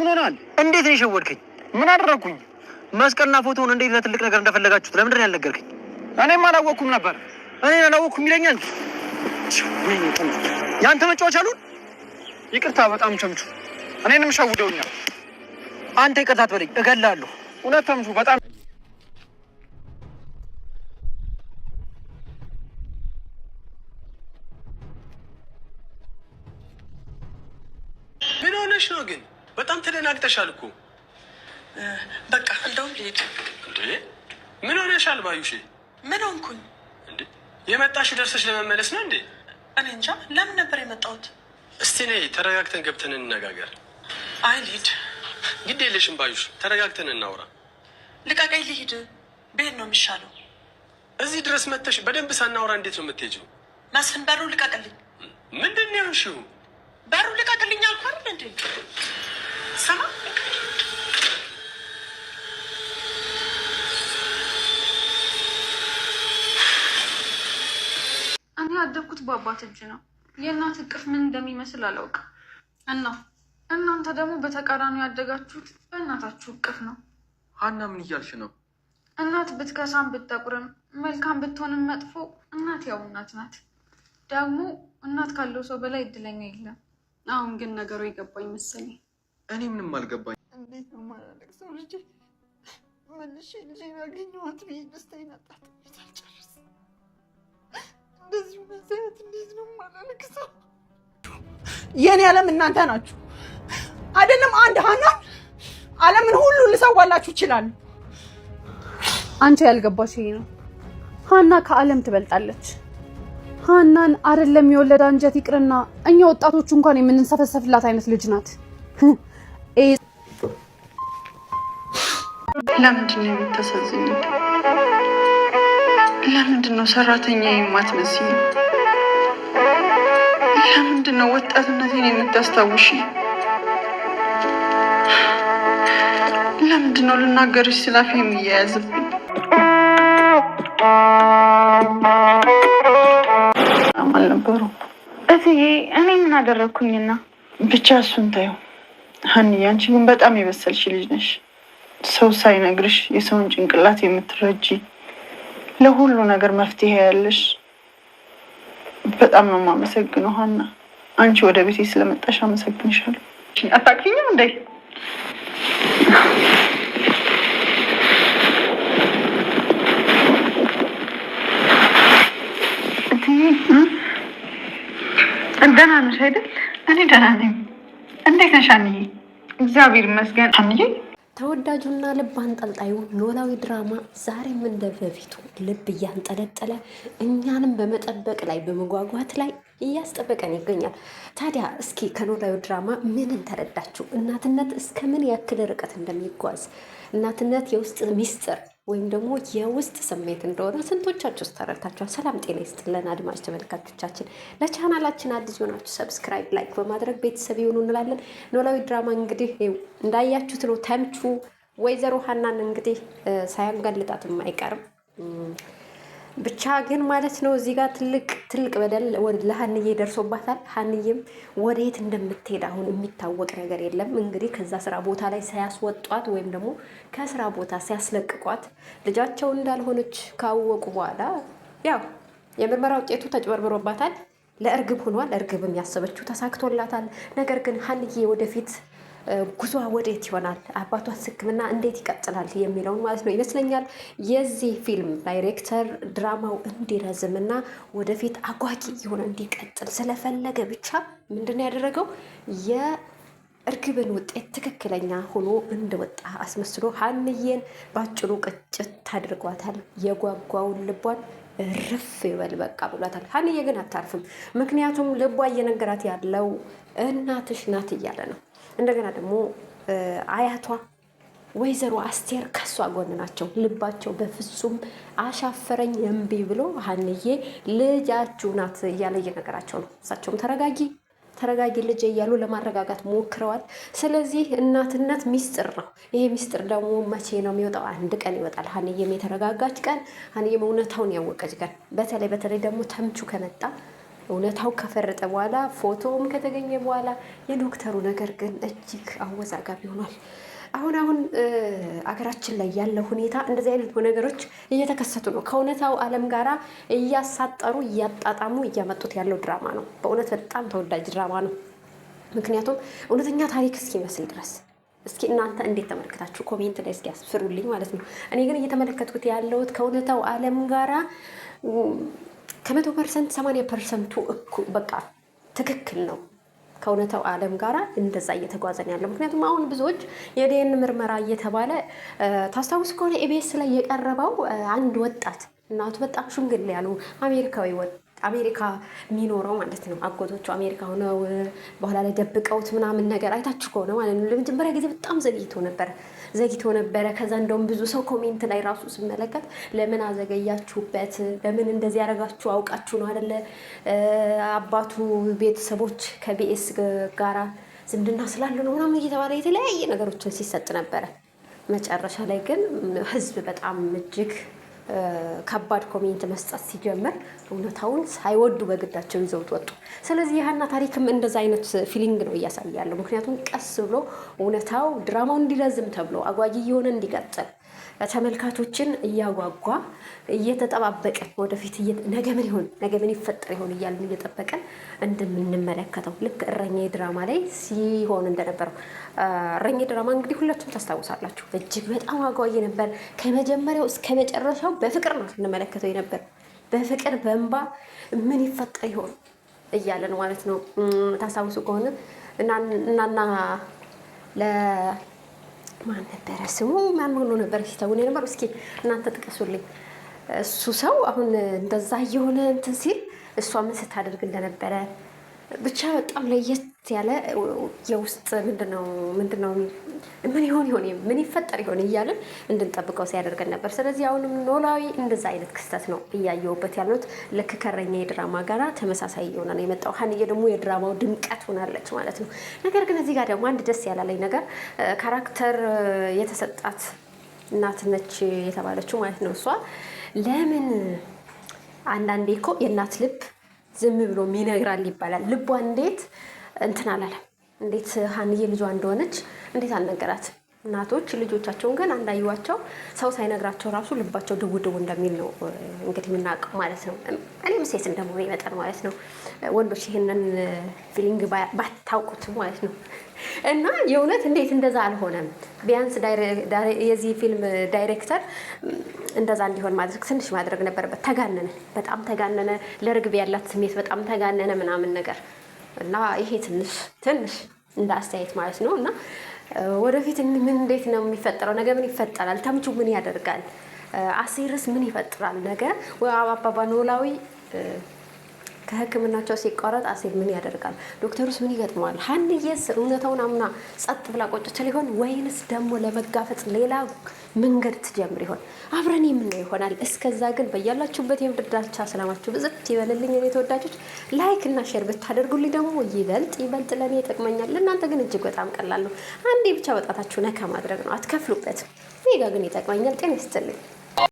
ምን እንዴት ነው የሸወድከኝ? ምን አደረግኩኝ? መስቀልና ፎቶውን እንዴት ለትልቅ ነገር እንደፈለጋችሁት ለምንድን ነው ያልነገርከኝ? እኔም አላወቅኩም ነበር። እኔን አላወቅኩም ይለኛል። የአንተ መጫወቻ አሉን። ይቅርታ በጣም ቸምቹ፣ እኔንም ሸውደውኛል። አንተ ይቅርታ አትበለኝ፣ እገላለሁ። እውነት ተምቹ በጣም ተኝተሻል እኮ በቃ እንደውም ልሄድ። እንዴ ምን ሆነሻል ባዩሽ? ምን ሆንኩኝ እንዴ? የመጣሽ ደርሰሽ ለመመለስ ነው እንዴ? እኔ እንጃ ለምን ነበር የመጣሁት። እስቲ ነይ ተረጋግተን ገብተን እንነጋገር። አይ ልሂድ። ግድ የለሽም ባዩሽ፣ ተረጋግተን እናውራ። ልቀቀኝ ልሂድ። ብሄድ ነው የሚሻለው። እዚህ ድረስ መጥተሽ በደንብ ሳናውራ እንዴት ነው የምትሄጂው? መስፍን በሩ ልቀቅልኝ። ምንድን ነው ያልሽው? በሩ ልቀቅልኝ አልኳል እንዴ አትሰማ እኔ ያደግኩት በአባት እጅ ነው። የእናት እቅፍ ምን እንደሚመስል አላውቅም። እና እናንተ ደግሞ በተቃራኒ ያደጋችሁት በእናታችሁ እቅፍ ነው። ሀና ምን እያልሽ ነው? እናት ብትከሳም ብትጠቁርም መልካም ብትሆንም መጥፎ እናት ያው እናት ናት። ደግሞ እናት ካለው ሰው በላይ እድለኛ የለም። አሁን ግን ነገሩ የገባኝ መሰለኝ። እኔ ምንም አልገባኝ። እንዴት ነው ማላለቅ ሰው ልጅ መልሼ ልጄን አገኘኋት ብዬ ደስታዬን አጣጥሜት አልጨርስም። እንደዚሁ መዛያት እንዴት ነው ማላለቅ ሰው የእኔ ዓለም እናንተ ናችሁ አይደለም። አንድ ሀናን ዓለምን ሁሉ ልሰዋላችሁ ይችላል። አንቺ ያልገባሽ ይሄ ነው። ሀና ከዓለም ትበልጣለች። ሀናን አይደለም የወለደ አንጀት ይቅርና እኛ ወጣቶቹ እንኳን የምንሰፈሰፍላት አይነት ልጅ ናት። ለምንድን ነው የምታሳዝኝ? ለምንድን ነው ሰራተኛ የማትመስኝ? ለምንድን ነው ወጣትነቴን የምታስታውሽ? ለምንድን ነው ልናገርሽ ስላፊ የሚያያዝብኝ? አልነበሩ እትዬ፣ እኔ ምን አደረግኩኝና? ብቻ እሱን ታየው። ሀኒ፣ አንቺ ግን በጣም የበሰልሽ ልጅ ነሽ። ሰው ሳይነግርሽ የሰውን ጭንቅላት የምትረጂ ለሁሉ ነገር መፍትሄ ያለሽ በጣም ነው የማመሰግነው። ሀና አንቺ ወደ ቤቴ ስለመጣሽ አመሰግንሻለሁ። አታውቂኝም እንዴ? ደህና ነሽ አይደል? እኔ ደህና ነኝ። እንዴት ነሽ አንዬ? እግዚአብሔር ይመስገን አንዬ ተወዳጁና ልብ አንጠልጣዩ ኖላዊ ድራማ ዛሬም እንደ በፊቱ ልብ እያንጠለጠለ እኛንም በመጠበቅ ላይ በመጓጓት ላይ እያስጠበቀን ይገኛል። ታዲያ እስኪ ከኖላዊ ድራማ ምንን ተረዳችሁ? እናትነት እስከ ምን ያክል ርቀት እንደሚጓዝ እናትነት የውስጥ ሚስጥር ወይም ደግሞ የውስጥ ስሜት እንደሆነ ስንቶቻችሁ ውስጥ ተረድታችኋል? ሰላም ጤና ይስጥልን አድማጭ ተመልካቾቻችን፣ ለቻናላችን አዲስ የሆናችሁ ሰብስክራይብ፣ ላይክ በማድረግ ቤተሰብ ይሁኑ እንላለን። ኖላዊ ድራማ እንግዲህ እንዳያችሁት ነው። ተምቹ ወይዘሮ ሀናን እንግዲህ ሳያንጋልጣትም አይቀርም። ብቻ ግን ማለት ነው እዚህ ጋር ትልቅ ትልቅ በደል ለሀንዬ ደርሶባታል። ሀንዬም ወደየት እንደምትሄድ አሁን የሚታወቅ ነገር የለም። እንግዲህ ከዛ ስራ ቦታ ላይ ሳያስወጧት ወይም ደግሞ ከስራ ቦታ ሲያስለቅቋት ልጃቸው እንዳልሆነች ካወቁ በኋላ ያው የምርመራ ውጤቱ ተጭበርብሮባታል፣ ለእርግብ ሆኗል። እርግብም ያሰበችው ተሳክቶላታል። ነገር ግን ሀንዬ ወደፊት ጉዞ ወዴት ይሆናል? አባቷስ ሕክምና እንዴት ይቀጥላል? የሚለውን ማለት ነው ይመስለኛል የዚህ ፊልም ዳይሬክተር ድራማው እንዲረዝምና ወደፊት አጓጊ የሆነ እንዲቀጥል ስለፈለገ ብቻ ምንድን ያደረገው የእርግብን ውጤት ትክክለኛ ሆኖ እንደወጣ አስመስሎ ሀንዬን በአጭሩ ቅጭት ታድርጓታል። የጓጓውን ልቧን ርፍ ይበል በቃ ብሏታል። ሀንዬ ግን አታርፍም። ምክንያቱም ልቧ እየነገራት ያለው እናትሽ ናት እያለ ነው እንደገና ደግሞ አያቷ ወይዘሮ አስቴር ከሷ ጎን ናቸው። ልባቸው በፍጹም አሻፈረኝ እምቢ ብሎ ሀንዬ ልጃችሁ ናት እያለ እየነገራቸው ነው። እሳቸውም ተረጋጊ ተረጋጊ ልጅ እያሉ ለማረጋጋት ሞክረዋል። ስለዚህ እናትነት ሚስጥር ነው። ይሄ ሚስጥር ደግሞ መቼ ነው የሚወጣው? አንድ ቀን ይወጣል። ሀንዬም የተረጋጋች ቀን፣ ሀንዬም እውነታውን ያወቀች ቀን። በተለይ በተለይ ደግሞ ተምቹ ከመጣ እውነታው ከፈረጠ በኋላ ፎቶውም ከተገኘ በኋላ የዶክተሩ ነገር ግን እጅግ አወዛጋቢ ሆኗል። አሁን አሁን አገራችን ላይ ያለው ሁኔታ እንደዚህ አይነት ነገሮች እየተከሰቱ ነው። ከእውነታው ዓለም ጋራ እያሳጠሩ እያጣጣሙ እያመጡት ያለው ድራማ ነው። በእውነት በጣም ተወዳጅ ድራማ ነው። ምክንያቱም እውነተኛ ታሪክ እስኪመስል ድረስ እስኪ እናንተ እንዴት ተመለከታችሁ ኮሜንት ላይ እስኪ ያስፍሩልኝ ማለት ነው። እኔ ግን እየተመለከትኩት ያለሁት ከእውነታው ዓለም ጋራ ከመቶ ፐርሰንት ሰማንያ ፐርሰንቱ እኩ በቃ ትክክል ነው ከእውነታው ዓለም ጋር እንደዛ እየተጓዘን ያለው ምክንያቱም አሁን ብዙዎች የዲኤን ምርመራ እየተባለ ታስታውስ ከሆነ ኢቢኤስ ላይ የቀረበው አንድ ወጣት እናቱ በጣም ሽምግል ያሉ አሜሪካዊ ወጣት አሜሪካ የሚኖረው ማለት ነው። አጎቶቹ አሜሪካ ሆነው በኋላ ላይ ደብቀውት ምናምን ነገር አይታችሁ ከሆነ ማለት ነው። ለመጀመሪያ ጊዜ በጣም ዘግይቶ ነበረ ዘግይቶ ነበረ። ከዛ እንደውም ብዙ ሰው ኮሜንት ላይ ራሱ ስመለከት ለምን አዘገያችሁበት? ለምን እንደዚህ ያደረጋችሁ አውቃችሁ ነው አደለ? አባቱ ቤተሰቦች ከቢኤስ ጋራ ዝምድና ስላሉ ነው ምናምን እየተባለ የተለያየ ነገሮችን ሲሰጥ ነበረ። መጨረሻ ላይ ግን ህዝብ በጣም እጅግ ከባድ ኮሜንት መስጠት ሲጀምር እውነታውን ሳይወዱ በግዳቸው ይዘውት ወጡ። ስለዚህ የሀና ታሪክም እንደዛ አይነት ፊሊንግ ነው እያሳያለሁ። ምክንያቱም ቀስ ብሎ እውነታው ድራማው እንዲረዝም ተብሎ አጓጊ እየሆነ እንዲቀጥል ተመልካቾችን እያጓጓ እየተጠባበቀን ወደፊት ነገ ምን ይሆን ነገ ምን ይፈጠር ይሆን እያልን እየጠበቀን እንደምንመለከተው ልክ እረኛ ድራማ ላይ ሲሆን እንደነበረው እረኛ ድራማ እንግዲህ ሁላችሁም ታስታውሳላችሁ። እጅግ በጣም አጓጊ ነበር። ከመጀመሪያው እስከ መጨረሻው በፍቅር ነው ስንመለከተው የነበር በፍቅር በእንባ ምን ይፈጠር ይሆን እያለን ማለት ነው። ታስታውሱ ከሆነ እናና ማን ነበረ ስሙ? ማን ሆኖ ነበር ሲተውን የነበሩ? እስኪ እናንተ ጥቀሱልኝ። እሱ ሰው አሁን እንደዛ እየሆነ እንትን ሲል እሷ ምን ስታደርግ እንደነበረ ብቻ በጣም ለየት ያለ የውስጥ ምንድነው ምንድነው ምን ይሆን ይሆን ምን ይፈጠር ይሆን እያልን እንድንጠብቀው ሲያደርገን ነበር። ስለዚህ አሁንም ኖላዊ እንደዛ አይነት ክስተት ነው እያየውበት ያሉት። ልክ ከረኛ የድራማ ጋራ ተመሳሳይ እየሆነ ነው የመጣው። ሀንዬ ደግሞ የድራማው ድምቀት ሆናለች ማለት ነው። ነገር ግን እዚህ ጋር ደግሞ አንድ ደስ ያላለኝ ነገር ካራክተር የተሰጣት እናትነች የተባለችው ማለት ነው እሷ ለምን አንዳንዴ እኮ የእናት ልብ ዝም ብሎ ይነግራል ይባላል። ልቧ እንዴት እንትን አላለም? እንዴት ሀንዬ ልጇ እንደሆነች እንዴት አልነገራትም? እናቶች ልጆቻቸውን ግን አንዳዩዋቸው ሰው ሳይነግራቸው ራሱ ልባቸው ድውድው እንደሚል ነው እንግዲህ የምናውቀው ማለት ነው። እኔም ሴት እንደመሆኔ መጠን ማለት ነው። ወንዶች ይህንን ፊሊንግ ባታውቁትም ማለት ነው። እና የእውነት እንዴት እንደዛ አልሆነም? ቢያንስ የዚህ ፊልም ዳይሬክተር እንደዛ እንዲሆን ማድረግ ትንሽ ማድረግ ነበረበት። ተጋነነ፣ በጣም ተጋነነ። ለርግብ ያላት ስሜት በጣም ተጋነነ ምናምን ነገር እና ይሄ ትንሽ ትንሽ እንደ አስተያየት ማለት ነው እና ወደፊት ምን እንዴት ነው የሚፈጠረው? ነገ ምን ይፈጠራል? ተምቹ ምን ያደርጋል? አሴርስ ምን ይፈጥራል? ነገ ወይ አባባ ኖላዊ ከህክምናቸው ሲቋረጥ አሴር ምን ያደርጋል? ዶክተሩስ ምን ይገጥመዋል? ሀንዬስ እውነታውን አምና ጸጥ ብላ ቆጭች ሊሆን ወይንስ ደግሞ ለመጋፈጥ ሌላ መንገድ ትጀምር ይሆን? አብረን የምናየው ይሆናል። እስከዛ ግን በያላችሁበት የምድር ዳርቻ ሰላማችሁ ብዝት ይበልልኝ። እኔ ተወዳጆች ላይክ እና ሼር ብታደርጉልኝ ደግሞ ይበልጥ ይበልጥ ለእኔ ይጠቅመኛል። ለእናንተ ግን እጅግ በጣም ቀላል ነው። አንዴ ብቻ በጣታችሁ ነካ ማድረግ ነው። አትከፍሉበት። እኔ ጋ ግን ይጠቅመኛል። ጤና ይስጥልኝ።